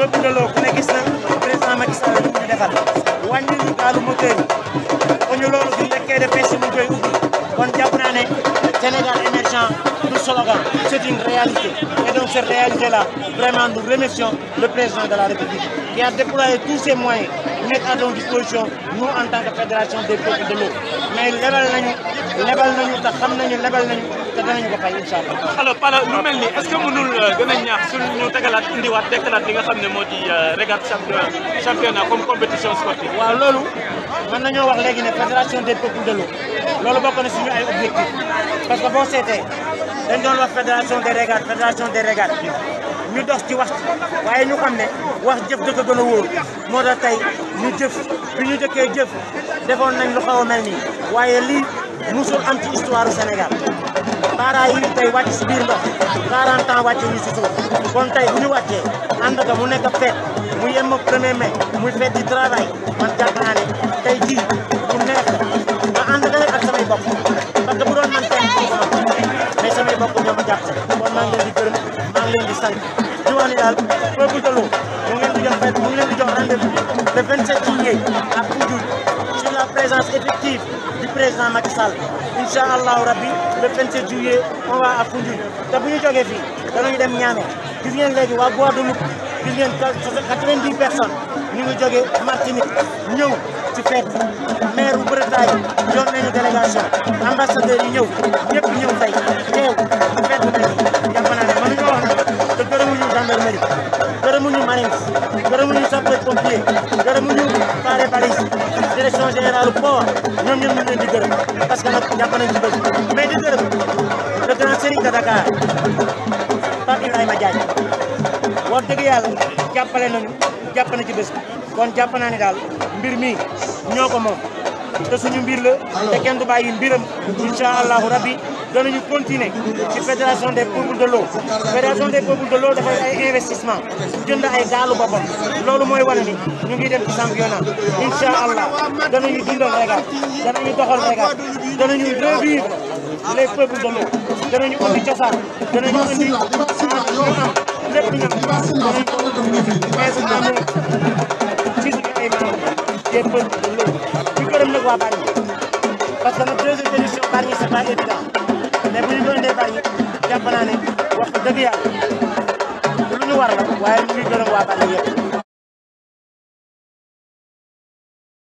le bindaloo ku ne gis na président Macky Sall li ñu defal wàññi ñu gaalu moteur yi kon ñu loolu suñu lekkee de pêche mu koy ubbi kon jàpp naa ne Sénégal émergent du slogan C'est une réalité et donc cette réalité là vraiment nous remercions le président de la République qui a déployé tous ses moyens mettre à notre disposition nous en tant que fédération des peuples de l'eau mais lebal nañu lebal nañu te xam nañu lebal nañu te danañ ko fay incha allah. alors lu mel nii est que mënul euh, gën a ñaax suñu tegalaat indiwaat dekkalaat li nga xam ne moo di euh, régate championnat championnat comme compétition sportive. waaw loolu mën nañoo wax léegi ne fédération des peuples de l'eau loolu bokk na suñu ay objectif parce que boo seetee dañ doon wax fédération des régates fédération des régates ñu dox ci wax waaye ñu xam ne wax jëf da gën a wóor moo tax tey ñu jëf bi ñu jëkkee jëf defoon nañ lu xaw a mel nii waaye lii musul am ci histoire Sénégal baaraay yi tey wàcc si biir ndox 40 ans wàcce ñu si suuf kon tey bu ñu wàccee mu nekk fête mu yem ak premier mai muy fête du travail man jàpp naa ne tey jii bu neex ma ànd ka nag ak samay bokk parce que bu doon man tey mais samay bokk ñoo jàpp kon maa leen di gërëm maa leen di sant Sénégal peuple de l'eau mu ngi leen di jox fête mu ngi leen di jox rendez-vous le 27 juillet à Poudjoul la présence effective du président Macky Sall allahu rabbi le 27 juillet on va à Poudjoul te bu ñu jógee fii danañu dem Niamey gis ngeen léegi waa Bois de Loup gis ngeen 90 personnes ñu ngi jógee Martinique ñëw ci fête maire bu Bretagne yoon nañu ambassadeur yi ñëw ñëpp ñëw gendarmerie gërëmuñu marine gërëmuñu sapeur pompier gërëmuñu pare balise direction générale port ñoom ñoom ñu leen di gërëm parce que nag jàpp nañu ci bëgg mais di gërëm le grand Serigne de Dakar Pape Ibrahima Diagne wax dëgg yàlla jàppale nañu jàpp na ci bés kon jàpp naa ne daal mbir mi ñoo ko moom te suñu mbir la te kenn du bàyyi mbiram incha allahu rabbi danañu continuer ci fédération des peuples de l'eau fédération des peuples de l'eau dafay ay investissement jënd ay gaalu boppam loolu mooy wane ni ñu ngi dem ci championnat incha allah danañu dundal régal danañu doxal régal danañu revivre les peuples de l'eau danañu indi cosaan danañu indi lépp ñam danañu mais amee ci suñu ay maam des peuples de l'eau ñu gërëm nag waa Bargny parce que nag deuxième édition Bargny c'est pas évident mais bu ñu doon départ yi jàpp naa ne wax dëgg yàlla lu ñu war waaye ñu ngi gërëm waa Balla